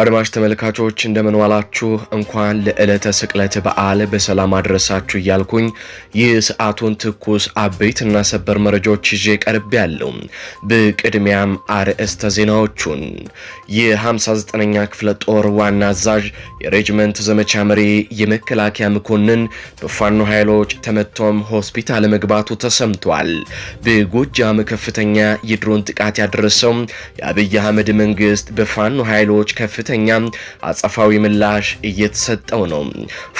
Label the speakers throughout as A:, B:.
A: አድማጭ ተመልካቾች እንደምንዋላችሁ እንኳን ለዕለተ ስቅለት በዓል በሰላም አድረሳችሁ እያልኩኝ ይህ ሰዓቱን ትኩስ አበይት እና ሰበር መረጃዎች ይዤ ቀርብ ያለው። በቅድሚያም አርዕስተ ዜናዎቹን የ59ኛ ክፍለ ጦር ዋና አዛዥ የሬጅመንት ዘመቻ መሪ የመከላከያ መኮንን በፋኖ ኃይሎች ተመቶም ሆስፒታል መግባቱ ተሰምቷል። በጎጃም ከፍተኛ የድሮን ጥቃት ያደረሰው የአብይ አህመድ መንግስት በፋኖ ኃይሎች ከፍ ከፍተኛ አጸፋዊ ምላሽ እየተሰጠው ነው።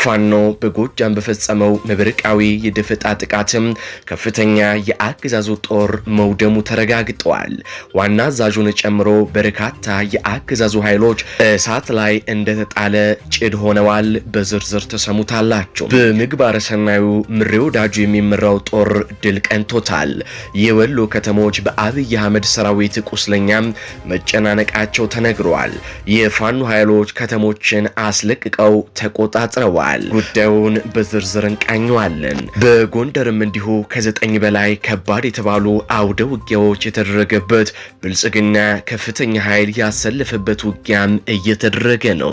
A: ፋኖ በጎጃም በፈጸመው መብረቃዊ የደፈጣ ጥቃትም ከፍተኛ የአገዛዙ ጦር መውደሙ ተረጋግጠዋል። ዋና አዛዡን ጨምሮ በርካታ የአገዛዙ ኃይሎች እሳት ላይ እንደተጣለ ጭድ ሆነዋል። በዝርዝር ተሰሙታላቸው። በምግባረ ሰናዩ ምሬ ወዳጁ የሚመራው ጦር ድል ቀንቶታል። የወሎ ከተሞች በአብይ አህመድ ሰራዊት ቁስለኛ መጨናነቃቸው ተነግረዋል። የፋኖ ኃይሎች ከተሞችን አስለቅቀው ተቆጣጥረዋል። ጉዳዩን በዝርዝር እንቃኘዋለን። በጎንደርም እንዲሁ ከዘጠኝ በላይ ከባድ የተባሉ አውደ ውጊያዎች የተደረገበት ብልጽግና ከፍተኛ ኃይል ያሰለፈበት ውጊያም እየተደረገ ነው፣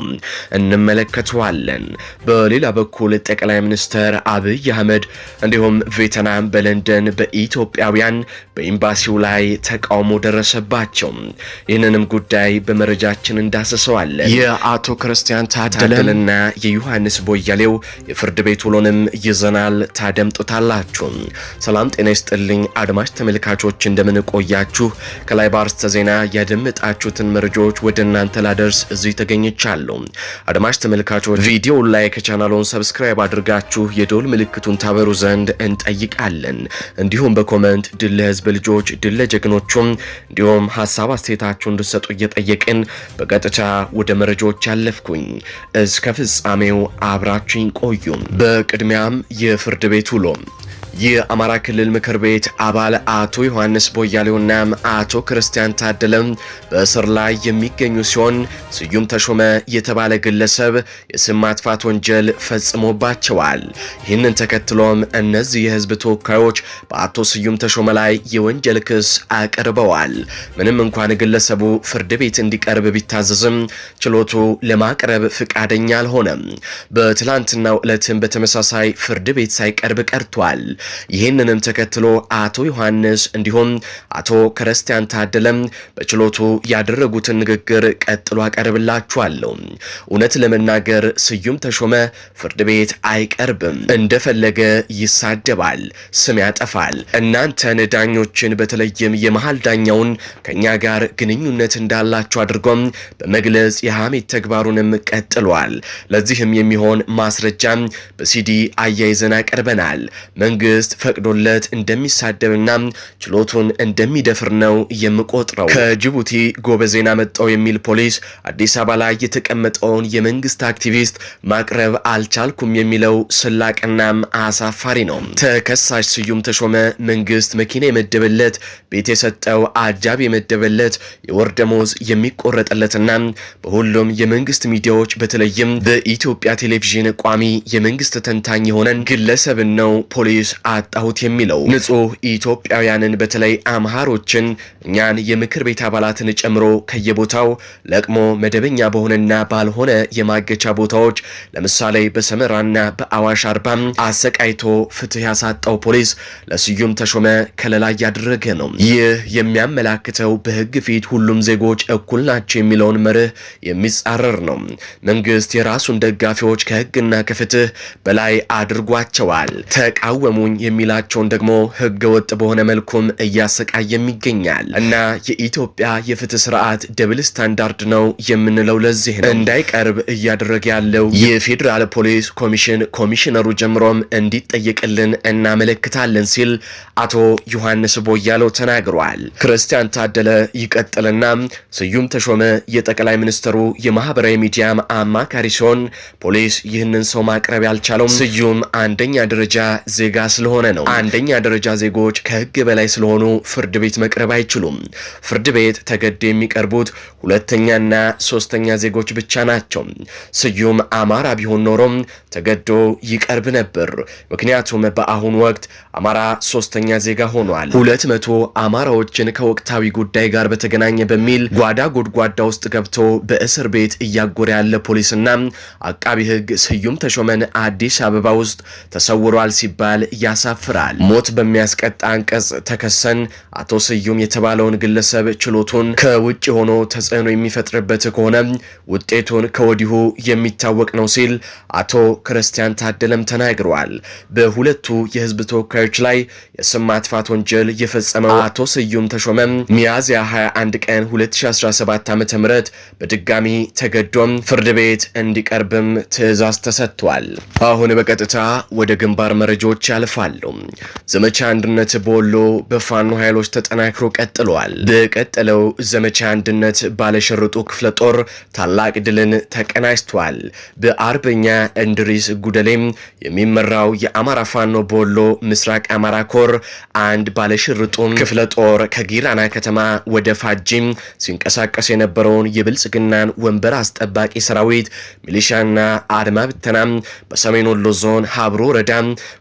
A: እንመለከተዋለን። በሌላ በኩል ጠቅላይ ሚኒስትር አብይ አህመድ እንዲሁም ቬትናም በለንደን በኢትዮጵያውያን በኤምባሲው ላይ ተቃውሞ ደረሰባቸው። ይህንንም ጉዳይ በመረጃችን እንዳሰ እናስታውሰዋለን።
B: የአቶ ክርስቲያን ታደለና
A: የዮሐንስ ቦያሌው የፍርድ ቤት ውሎንም ይዘናል፣ ታደምጡታላችሁ። ሰላም ጤና ይስጥልኝ አድማጭ ተመልካቾች፣ እንደምንቆያችሁ ከላይ ባርስተ ዜና ያደምጣችሁትን መረጃዎች ወደ እናንተ ላደርስ እዚህ ተገኝቻለሁ። አድማጭ ተመልካቾች ቪዲዮውን ላይ ከቻናሉን ሰብስክራይብ አድርጋችሁ የዶል ምልክቱን ታበሩ ዘንድ እንጠይቃለን። እንዲሁም በኮመንት ድል ለህዝብ ልጆች፣ ድል ለጀግኖቹም እንዲሁም ሀሳብ አስተያየታችሁ እንድሰጡ እየጠየቅን በቀጥታ ወደ መረጃዎች ያለፍኩኝ እስከ ፍጻሜው አብራችኝ ቆዩ። በቅድሚያም የፍርድ ቤት ውሎ የአማራ ክልል ምክር ቤት አባል አቶ ዮሐንስ ቦያሌውና አቶ ክርስቲያን ታደለም በእስር ላይ የሚገኙ ሲሆን ስዩም ተሾመ የተባለ ግለሰብ የስም ማጥፋት ወንጀል ፈጽሞባቸዋል። ይህንን ተከትሎም እነዚህ የህዝብ ተወካዮች በአቶ ስዩም ተሾመ ላይ የወንጀል ክስ አቅርበዋል። ምንም እንኳን ግለሰቡ ፍርድ ቤት እንዲቀርብ ቢታዘዝም ችሎቱ ለማቅረብ ፍቃደኛ አልሆነም። በትላንትናው ዕለትም በተመሳሳይ ፍርድ ቤት ሳይቀርብ ቀርቷል። ይህንንም ተከትሎ አቶ ዮሐንስ እንዲሁም አቶ ክርስቲያን ታደለም በችሎቱ ያደረጉትን ንግግር ቀጥሎ አቀርብላችኋለሁ። እውነት ለመናገር ስዩም ተሾመ ፍርድ ቤት አይቀርብም፣ እንደፈለገ ይሳደባል፣ ስም ያጠፋል። እናንተን ዳኞችን በተለይም የመሃል ዳኛውን ከእኛ ጋር ግንኙነት እንዳላቸው አድርጎም በመግለጽ የሐሜት ተግባሩንም ቀጥሏል። ለዚህም የሚሆን ማስረጃም በሲዲ አያይዘን አቀርበናል። መንግስት መንግስት ፈቅዶለት እንደሚሳደብና ችሎቱን እንደሚደፍር ነው የምቆጥረው። ከጅቡቲ ጎበዜና መጣው የሚል ፖሊስ አዲስ አበባ ላይ የተቀመጠውን የመንግስት አክቲቪስት ማቅረብ አልቻልኩም የሚለው ስላቅናም አሳፋሪ ነው። ተከሳሽ ስዩም ተሾመ መንግስት መኪና የመደበለት፣ ቤት የሰጠው፣ አጃብ የመደበለት፣ የወር ደመወዝ የሚቆረጠለትና በሁሉም የመንግስት ሚዲያዎች በተለይም በኢትዮጵያ ቴሌቪዥን ቋሚ የመንግስት ተንታኝ የሆነን ግለሰብን ነው ፖሊስ አጣሁት የሚለው ንጹህ ኢትዮጵያውያንን በተለይ አምሃሮችን እኛን የምክር ቤት አባላትን ጨምሮ ከየቦታው ለቅሞ መደበኛ በሆነና ባልሆነ የማገቻ ቦታዎች ለምሳሌ በሰመራና በአዋሽ አርባም አሰቃይቶ ፍትህ ያሳጣው ፖሊስ ለስዩም ተሾመ ከለላ እያደረገ ነው። ይህ የሚያመላክተው በህግ ፊት ሁሉም ዜጎች እኩል ናቸው የሚለውን መርህ የሚጻረር ነው። መንግስት የራሱን ደጋፊዎች ከህግና ከፍትህ በላይ አድርጓቸዋል። ተቃወሙኝ የሚላቸውን ደግሞ ህገ ወጥ በሆነ መልኩም እያሰቃየም ይገኛል እና የኢትዮጵያ የፍትህ ስርዓት ደብል ስታንዳርድ ነው የምንለው ለዚህ ነው። እንዳይቀርብ እያደረገ ያለው የፌዴራል ፖሊስ ኮሚሽን ኮሚሽነሩ ጀምሮም እንዲጠየቅልን እናመለክታለን ሲል አቶ ዮሐንስ ቦያለው ተናግሯል። ክርስቲያን ታደለ ይቀጥልና ስዩም ተሾመ የጠቅላይ ሚኒስትሩ የማህበራዊ ሚዲያ አማካሪ ሲሆን ፖሊስ ይህንን ሰው ማቅረብ ያልቻለውም ስዩም አንደኛ ደረጃ ዜጋ ስለ ስለሆነ ነው። አንደኛ ደረጃ ዜጎች ከህግ በላይ ስለሆኑ ፍርድ ቤት መቅረብ አይችሉም። ፍርድ ቤት ተገደው የሚቀርቡት ሁለተኛና ሶስተኛ ዜጎች ብቻ ናቸው። ስዩም አማራ ቢሆን ኖሮም ተገዶ ይቀርብ ነበር። ምክንያቱም በአሁኑ ወቅት አማራ ሶስተኛ ዜጋ ሆኗል። ሁለት መቶ አማራዎችን ከወቅታዊ ጉዳይ ጋር በተገናኘ በሚል ጓዳ ጎድጓዳ ውስጥ ገብቶ በእስር ቤት እያጎረ ያለ ፖሊስና አቃቢ ህግ ስዩም ተሾመን አዲስ አበባ ውስጥ ተሰውሯል ሲባል ያሳፍራል። ሞት በሚያስቀጣ አንቀጽ ተከሰን አቶ ስዩም የተባለውን ግለሰብ ችሎቱን ከውጭ ሆኖ ተጽዕኖ የሚፈጥርበት ከሆነ ውጤቱን ከወዲሁ የሚታወቅ ነው ሲል አቶ ክርስቲያን ታደለም ተናግረዋል። በሁለቱ የህዝብ ተወካዮች ላይ የስም ማጥፋት ወንጀል የፈጸመው አቶ ስዩም ተሾመም ሚያዝያ 21 ቀን 2017 ዓ ም በድጋሚ ተገዶም ፍርድ ቤት እንዲቀርብም ትዕዛዝ ተሰጥቷል። አሁን በቀጥታ ወደ ግንባር መረጃዎች ያልፋል። ይደግፋሉ። ዘመቻ አንድነት በወሎ በፋኖ ኃይሎች ተጠናክሮ ቀጥሏል። በቀጠለው ዘመቻ አንድነት ባለሸርጡ ክፍለ ጦር ታላቅ ድልን ተቀናጅቷል። በአርበኛ እንድሪስ ጉደሌም የሚመራው የአማራ ፋኖ በወሎ ምስራቅ አማራ ኮር አንድ ባለሽርጡን ክፍለ ጦር ከጊራና ከተማ ወደ ፋጂም ሲንቀሳቀስ የነበረውን የብልጽግናን ወንበር አስጠባቂ ሰራዊት ሚሊሻና አድማ ብተናም በሰሜን ወሎ ዞን ሀብሮ ወረዳ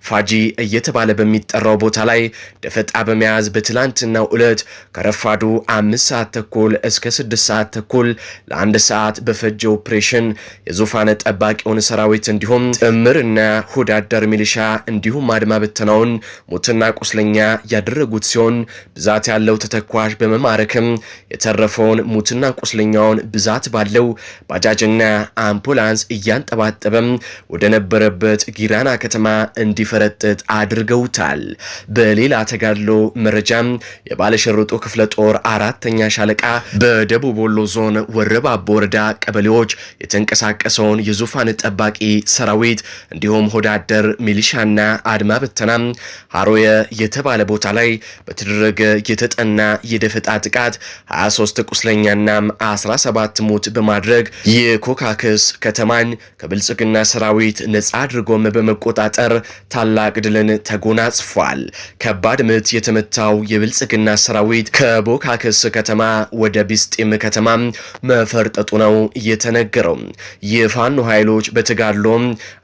A: ፋጂ እየተባለ በሚጠራው ቦታ ላይ ደፈጣ በመያዝ በትላንትናው ዕለት ከረፋዱ አምስት ሰዓት ተኩል እስከ ስድስት ሰዓት ተኩል ለአንድ ሰዓት በፈጀ ኦፕሬሽን የዙፋነ ጠባቂውን ሰራዊት እንዲሁም ጥምርና ሆድ ሚሊሻ እንዲሁም አድማ ብተናውን ሞትና ቁስለኛ ያደረጉት ሲሆን ብዛት ያለው ተተኳሽ በመማረክም የተረፈውን ሙትና ቁስለኛውን ብዛት ባለው ባጃጅና አምቡላንስ እያንጠባጠበም ወደ ነበረበት ጊራና ከተማ እንዲፈረጥጥ አድርገውታል። በሌላ ተጋድሎ መረጃም የባለሸርጡ ክፍለ ጦር አራተኛ ሻለቃ በደቡብ ወሎ ዞን ወረባቦ ወረዳ ቀበሌዎች የተንቀሳቀሰውን የዙፋን ጠባቂ ሰራዊት እንዲሁም ሆዳደር ሚሊሻና አድማ በተና ሀሮየ የተባለ ቦታ ላይ በተደረገ የተጠና የደፈጣ ጥቃት 23 ቁስለኛና 17 ሞት በማድረግ የኮካክስ ከተማን ከብልጽግና ሰራዊት ነጻ አድርጎም በመቆጣጠር ታላቅ ድል ድልን ተጎናጽፏል። ከባድ ምት የተመታው የብልጽግና ሰራዊት ከቦካክስ ከተማ ወደ ቢስጢም ከተማ መፈርጠጡ ነው እየተነገረው። የፋኖ ኃይሎች በተጋድሎ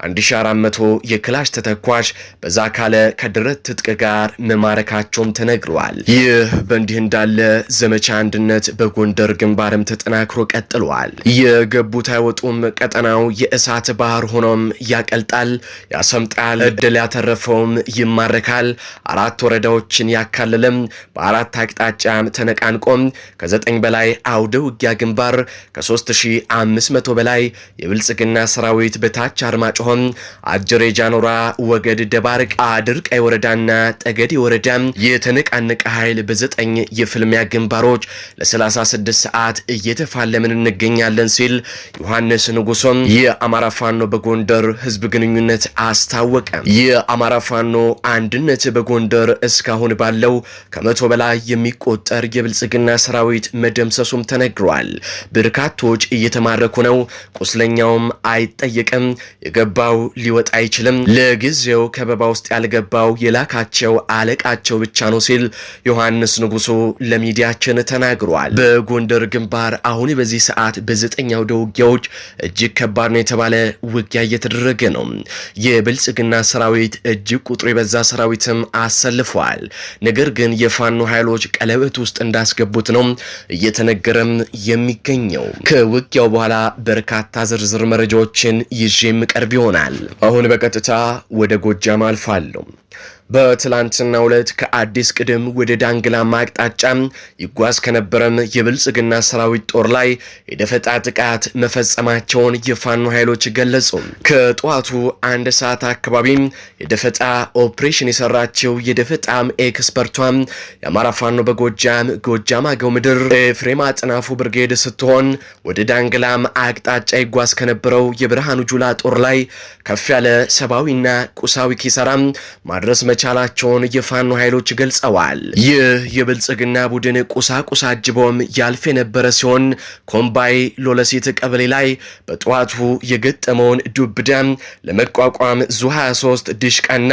A: 1400 የክላሽ ተተኳሽ በዛ ካለ ከድረት ትጥቅ ጋር መማረካቸውም ተነግረዋል። ይህ በእንዲህ እንዳለ ዘመቻ አንድነት በጎንደር ግንባርም ተጠናክሮ ቀጥሏል። የገቡት አይወጡም። ቀጠናው የእሳት ባህር ሆኖም ያቀልጣል፣ ያሰምጣል። እድል ያተረፈውም ሆኖም ይማረካል። አራት ወረዳዎችን ያካለለም በአራት አቅጣጫ ተነቃንቆም ከዘጠኝ በላይ አውደ ውጊያ ግንባር ከ3500 በላይ የብልጽግና ሰራዊት በታች አርማጭሆም፣ አጀሬ፣ ጃኖራ፣ ወገድ፣ ደባርቅ፣ አድርቃይ ወረዳና ጠገዴ ወረዳ የተነቃነቀ ኃይል በዘጠኝ የፍልሚያ ግንባሮች ለ36 ሰዓት እየተፋለምን እንገኛለን ሲል ዮሐንስ ንጉሶም የአማራ ፋኖ በጎንደር ህዝብ ግንኙነት አስታወቀ። የአማራ ፋኖ አንድነት በጎንደር እስካሁን ባለው ከመቶ በላይ የሚቆጠር የብልጽግና ሰራዊት መደምሰሱም ተነግሯል። በርካቶች እየተማረኩ ነው። ቁስለኛውም አይጠየቅም። የገባው ሊወጣ አይችልም። ለጊዜው ከበባ ውስጥ ያልገባው የላካቸው አለቃቸው ብቻ ነው ሲል ዮሐንስ ንጉሱ ለሚዲያችን ተናግሯል። በጎንደር ግንባር አሁን በዚህ ሰዓት በዘጠኛው ደውጊያዎች ውጊያዎች እጅግ ከባድ ነው የተባለ ውጊያ እየተደረገ ነው። የብልጽግና ሰራዊት እጅግ ቁጥሩ የበዛ ሰራዊትም አሰልፏል። ነገር ግን የፋኖ ኃይሎች ቀለበት ውስጥ እንዳስገቡት ነው እየተነገረም የሚገኘው። ከውጊያው በኋላ በርካታ ዝርዝር መረጃዎችን ይዤ የምቀርብ ይሆናል። አሁን በቀጥታ ወደ ጎጃም አልፋለሁ። በትላንትና ዕለት ከአዲስ ቅድም ወደ ዳንግላማ አቅጣጫ ይጓዝ ከነበረም የብልጽግና ሰራዊት ጦር ላይ የደፈጣ ጥቃት መፈጸማቸውን የፋኖ ኃይሎች ገለጹ። ከጠዋቱ አንድ ሰዓት አካባቢ የደፈጣ ኦፕሬሽን የሰራችው የደፈጣም ኤክስፐርቷ የአማራ ፋኖ በጎጃም ጎጃም አገው ምድር ኤፍሬም አጥናፉ ብርጌድ ስትሆን ወደ ዳንግላም አቅጣጫ ይጓዝ ከነበረው የብርሃኑ ጁላ ጦር ላይ ከፍ ያለ ሰብአዊና ቁሳዊ ኪሳራ ማድረስ መ መቻላቸውን የፋኖ ኃይሎች ገልጸዋል። ይህ የብልጽግና ቡድን ቁሳቁስ አጅቦም ያልፍ የነበረ ሲሆን ኮምባይ ሎለሴት ቀበሌ ላይ በጠዋቱ የገጠመውን ዱብዳ ለመቋቋም ዙ 23 ዲሽቃና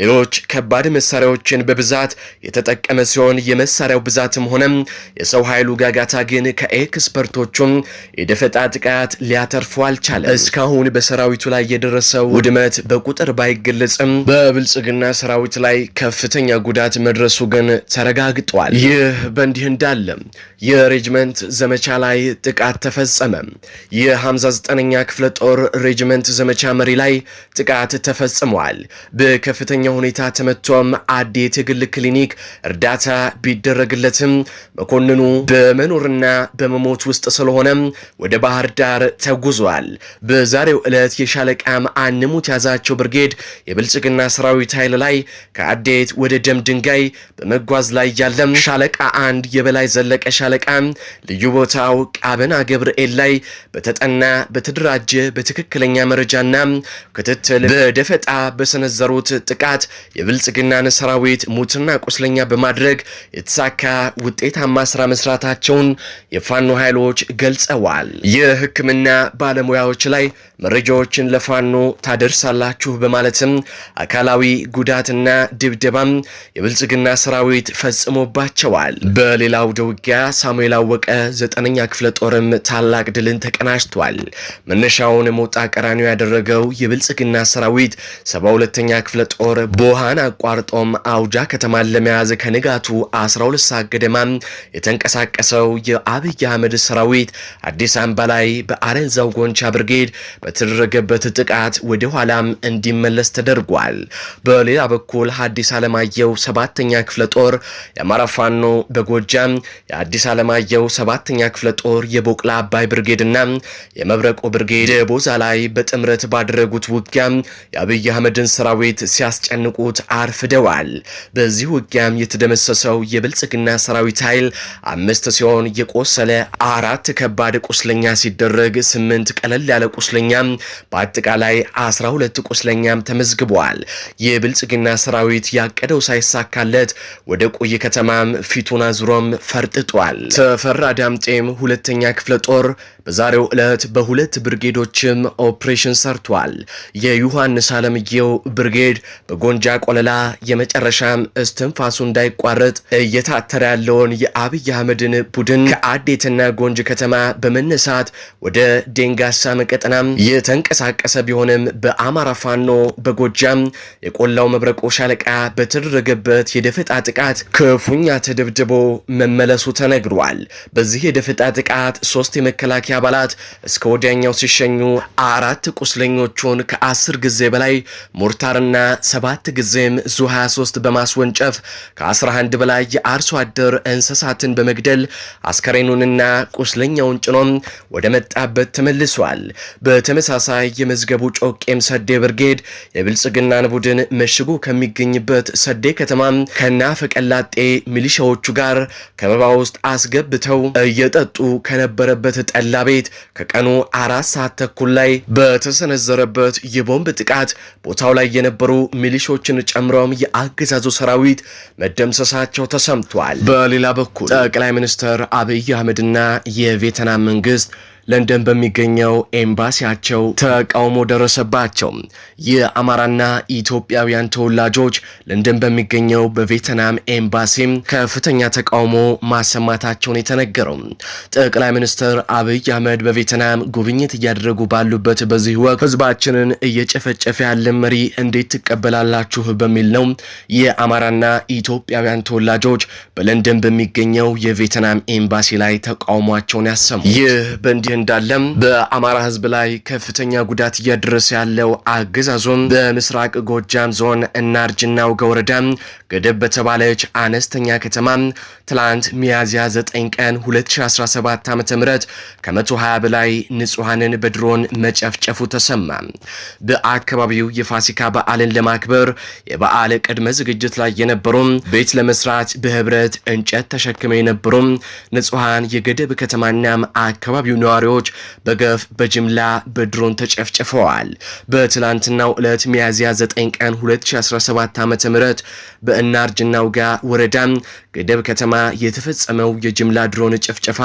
A: ሌሎች ከባድ መሳሪያዎችን በብዛት የተጠቀመ ሲሆን የመሳሪያው ብዛትም ሆነ የሰው ኃይሉ ጋጋታ ግን ከኤክስፐርቶቹም የደፈጣ ጥቃት ሊያተርፉ አልቻለም። እስካሁን በሰራዊቱ ላይ የደረሰው ውድመት በቁጥር ባይገለጽም በብልጽግና ሰራዊት ሰራዊት ላይ ከፍተኛ ጉዳት መድረሱ ግን ተረጋግጧል። ይህ በእንዲህ እንዳለ የሬጅመንት ዘመቻ ላይ ጥቃት ተፈጸመ። የ59ኛ ክፍለ ጦር ሬጅመንት ዘመቻ መሪ ላይ ጥቃት ተፈጽሟል። በከፍተኛ ሁኔታ ተመቶም አዴ የትግል ክሊኒክ እርዳታ ቢደረግለትም መኮንኑ በመኖርና በመሞት ውስጥ ስለሆነም ወደ ባህር ዳር ተጉዟል። በዛሬው ዕለት የሻለቃም አንሙት ያዛቸው ብርጌድ የብልጽግና ሰራዊት ኃይል ላይ ከአዴት ወደ ደም ድንጋይ በመጓዝ ላይ ያለም ሻለቃ አንድ የበላይ ዘለቀ ሻለ ሻለቃ ልዩ ቦታው ቃበና ገብርኤል ላይ በተጠና በተደራጀ በትክክለኛ መረጃና ክትትል በደፈጣ በሰነዘሩት ጥቃት የብልጽግናን ሰራዊት ሙትና ቁስለኛ በማድረግ የተሳካ ውጤታማ ስራ መስራታቸውን የፋኖ ኃይሎች ገልጸዋል። የሕክምና ባለሙያዎች ላይ መረጃዎችን ለፋኖ ታደርሳላችሁ በማለትም አካላዊ ጉዳትና ድብደባም የብልጽግና ሰራዊት ፈጽሞባቸዋል። በሌላው ደውጊያ ሳሙኤል አወቀ ዘጠነኛ ክፍለ ጦርም ታላቅ ድልን ተቀናጅቷል። መነሻውን ሞጣ ቀራኒዮ ያደረገው የብልጽግና ሰራዊት ሰባ ሁለተኛ ክፍለ ጦር ቦሃን አቋርጦም አውጃ ከተማን ለመያዝ ከንጋቱ 12 ሰዓት ገደማ የተንቀሳቀሰው የአብይ አህመድ ሰራዊት አዲስ አበባ ላይ በአረንዛው ጎንቻ ብርጌድ በተደረገበት ጥቃት ወደ ኋላም እንዲመለስ ተደርጓል። በሌላ በኩል ሀዲስ ዓለማየሁ ሰባተኛ ክፍለ ጦር የአማራ ፋኖ በጎጃም የአዲስ አለማየሁ ሰባተኛ ክፍለ ጦር የቦቅላ አባይ ብርጌድና የመብረቆ ብርጌድ ቦዛ ላይ በጥምረት ባደረጉት ውጊያ የአብይ አህመድን ሰራዊት ሲያስጨንቁት አርፍደዋል። በዚህ ውጊያም የተደመሰሰው የብልጽግና ሰራዊት ኃይል አምስት ሲሆን የቆሰለ አራት ከባድ ቁስለኛ ሲደረግ ስምንት ቀለል ያለ ቁስለኛ በአጠቃላይ አስራ ሁለት ቁስለኛም ተመዝግበዋል። የብልጽግና ሰራዊት ያቀደው ሳይሳካለት ወደ ቆየ ከተማም ፊቱን አዙሮም ፈርጥጧል። ተገኝተዋል። ተፈራ ዳምጤም ሁለተኛ ክፍለ ጦር በዛሬው ዕለት በሁለት ብርጌዶችም ኦፕሬሽን ሰርቷል። የዮሐንስ አለምየው ብርጌድ በጎንጃ ቆለላ የመጨረሻም እስትንፋሱ እንዳይቋረጥ እየታተረ ያለውን የአብይ አህመድን ቡድን ከአዴትና ጎንጅ ከተማ በመነሳት ወደ ደንጋሳ መቀጠናም የተንቀሳቀሰ ቢሆንም በአማራ ፋኖ በጎጃም የቆላው መብረቆ ሻለቃ በተደረገበት የደፈጣ ጥቃት ክፉኛ ተደብድቦ መመለሱ ተነግ ተነግሯል። በዚህ የደፈጣ ጥቃት ሶስት የመከላከያ አባላት እስከ ወዲያኛው ሲሸኙ አራት ቁስለኞቹን ከአስር ጊዜ በላይ ሞርታርና ሰባት ጊዜም ዙ 23 በማስወንጨፍ ከ11 በላይ የአርሶ አደር እንስሳትን በመግደል አስከሬኑንና ቁስለኛውን ጭኖም ወደ መጣበት ተመልሷል። በተመሳሳይ የመዝገቡ ጮቄም ሰዴ ብርጌድ የብልጽግናን ቡድን መሽጎ ከሚገኝበት ሰዴ ከተማም ከናፈቀላጤ ሚሊሻዎቹ ጋር ከበባ ውስጥ አስገብተው እየጠጡ ከነበረበት ጠላ ቤት ከቀኑ አራት ሰዓት ተኩል ላይ በተሰነዘረበት የቦምብ ጥቃት ቦታው ላይ የነበሩ ሚሊሾችን ጨምረውም የአገዛዙ ሰራዊት መደምሰሳቸው ተሰምቷል። በሌላ በኩል ጠቅላይ ሚኒስትር አብይ አህመድና የቬትናም መንግስት ለንደን በሚገኘው ኤምባሲያቸው ተቃውሞ ደረሰባቸው። የአማራና ኢትዮጵያውያን ተወላጆች ለንደን በሚገኘው በቬትናም ኤምባሲም ከፍተኛ ተቃውሞ ማሰማታቸውን የተነገረው ጠቅላይ ሚኒስትር አብይ አህመድ በቬትናም ጉብኝት እያደረጉ ባሉበት በዚህ ወቅት ህዝባችንን እየጨፈጨፈ ያለ መሪ እንዴት ትቀበላላችሁ በሚል ነው የአማራና ኢትዮጵያውያን ተወላጆች በለንደን በሚገኘው የቬትናም ኤምባሲ ላይ ተቃውሟቸውን ያሰሙ። ይህ በእንዲህ እንዳለም በአማራ ህዝብ ላይ ከፍተኛ ጉዳት እያደረሰ ያለው አገዛዞም በምስራቅ ጎጃም ዞን እናርጅና ውጋ ወረዳ ገደብ በተባለች አነስተኛ ከተማ ትላንት ሚያዝያ 9 ቀን 2017 ዓ ም ከ120 በላይ ንጹሐንን በድሮን መጨፍጨፉ ተሰማ። በአካባቢው የፋሲካ በዓልን ለማክበር የበዓል ቅድመ ዝግጅት ላይ የነበሩም ቤት ለመስራት በህብረት እንጨት ተሸክመው የነበሩም ንጹሐን የገደብ ከተማና አካባቢው ነዋሪ ነዋሪዎች በገፍ በጅምላ በድሮን ተጨፍጭፈዋል። በትላንትናው ዕለት ሚያዝያ 9 ቀን 2017 ዓ ም ውጋ ወረዳ ገደብ ከተማ የተፈጸመው የጅምላ ድሮን ጭፍጨፋ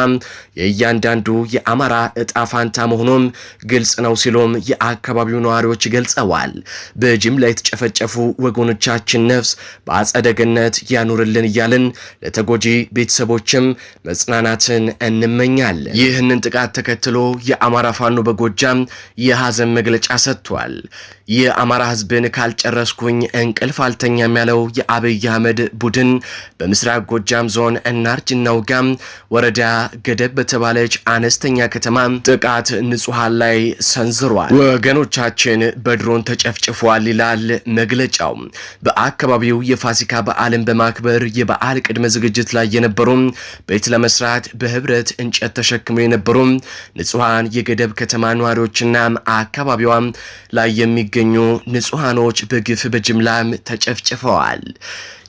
A: የእያንዳንዱ የአማራ እጣ ፋንታ መሆኑም ግልጽ ነው ሲሉም የአካባቢው ነዋሪዎች ገልጸዋል። በጅምላ የተጨፈጨፉ ወገኖቻችን ነፍስ በአጸደ ገነት ያኑርልን እያልን ለተጎጂ ቤተሰቦችም መጽናናትን እንመኛለን። ይህንን ጥቃት ተከትሎ የአማራ ፋኖ በጎጃም የሐዘን መግለጫ ሰጥቷል። የአማራ ህዝብን ካልጨረስኩኝ እንቅልፍ አልተኛም ያለው የአብይ አህመድ ቡድን በምስራቅ ጎጃም ዞን እናርጅና እናውጋም ወረዳ ገደብ በተባለች አነስተኛ ከተማ ጥቃት ንጹሐን ላይ ሰንዝሯል። ወገኖቻችን በድሮን ተጨፍጭፏል ይላል መግለጫው። በአካባቢው የፋሲካ በዓልን በማክበር የበዓል ቅድመ ዝግጅት ላይ የነበሩ ቤት ለመስራት በህብረት እንጨት ተሸክመው የነበሩ ንጹሐን የገደብ ከተማ ነዋሪዎችና አካባቢዋ ላይ የሚገ የሚገኙ ንጹሐኖች በግፍ በጅምላም ተጨፍጭፈዋል።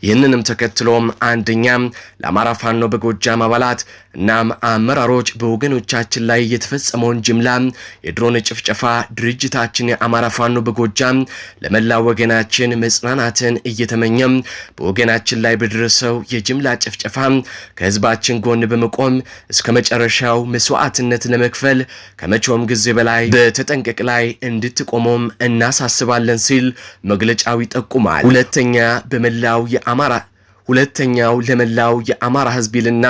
A: ይህንንም ተከትሎም አንደኛም ለአማራ ፋኖ በጎጃም አባላት እናም አመራሮች በወገኖቻችን ላይ የተፈጸመውን ጅምላ የድሮን ጭፍጨፋ ድርጅታችን የአማራ ፋኖ በጎጃም ለመላ ወገናችን መጽናናትን እየተመኘም በወገናችን ላይ በደረሰው የጅምላ ጭፍጨፋ ከህዝባችን ጎን በመቆም እስከ መጨረሻው መስዋዕትነት ለመክፈል ከመቼውም ጊዜ በላይ በተጠንቀቅ ላይ እንድትቆሙም እናሳስባለን ሲል መግለጫው ይጠቁማል። ሁለተኛ በመላው amarah ሁለተኛው ለመላው የአማራ ህዝብ ይልና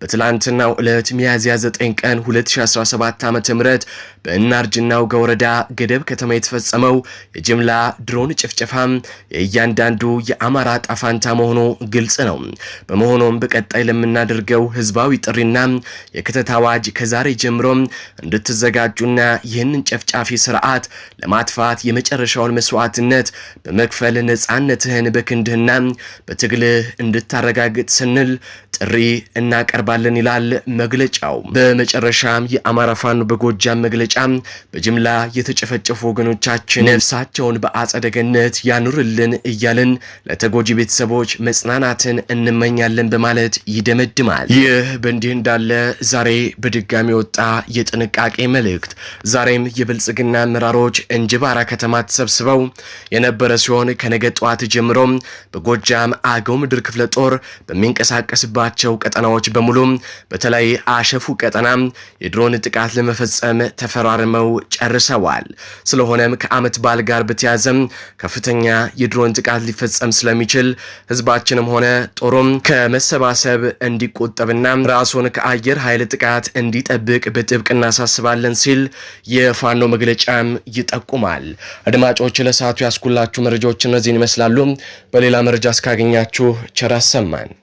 A: በትላንትናው ዕለት ሚያዝያ 9 ቀን 2017 ዓ ም በእናርጅናው ጋወረዳ ገደብ ከተማ የተፈጸመው የጅምላ ድሮን ጭፍጨፋ የእያንዳንዱ የአማራ ጣፋንታ መሆኑ ግልጽ ነው። በመሆኑም በቀጣይ ለምናደርገው ህዝባዊ ጥሪና የክተት አዋጅ ከዛሬ ጀምሮ እንድትዘጋጁና ይህንን ጨፍጫፊ ስርዓት ለማጥፋት የመጨረሻውን መስዋዕትነት በመክፈል ነፃነትህን በክንድህና በትግልህ እንድታረጋግጥ ስንል ጥሪ እናቀርባለን ይላል መግለጫው። በመጨረሻም የአማራ ፋኖ በጎጃም መግለጫ በጅምላ የተጨፈጨፉ ወገኖቻችን ነፍሳቸውን በአጸደ ገነት ያኑርልን እያልን ለተጎጂ ቤተሰቦች መጽናናትን እንመኛለን በማለት ይደመድማል። ይህ በእንዲህ እንዳለ ዛሬ በድጋሚ የወጣ የጥንቃቄ መልእክት ዛሬም የብልጽግና አመራሮች እንጅባራ ከተማ ተሰብስበው የነበረ ሲሆን ከነገ ጠዋት ጀምሮም በጎጃም አገው ምድር ክፍለ ጦር በሚንቀሳቀስባቸው ቀጠናዎች በሙሉ በተለይ አሸፉ ቀጠና የድሮን ጥቃት ለመፈጸም ተፈራርመው ጨርሰዋል። ስለሆነም ከዓመት በዓል ጋር በተያዘም ከፍተኛ የድሮን ጥቃት ሊፈጸም ስለሚችል ህዝባችንም ሆነ ጦሩም ከመሰባሰብ እንዲቆጠብና ራሱን ከአየር ኃይል ጥቃት እንዲጠብቅ በጥብቅ እናሳስባለን ሲል የፋኖ መግለጫም ይጠቁማል። አድማጮች ለሰዓቱ ያስኩላችሁ መረጃዎች እነዚህን ይመስላሉ። በሌላ መረጃ እስካገኛችሁ cerah seman.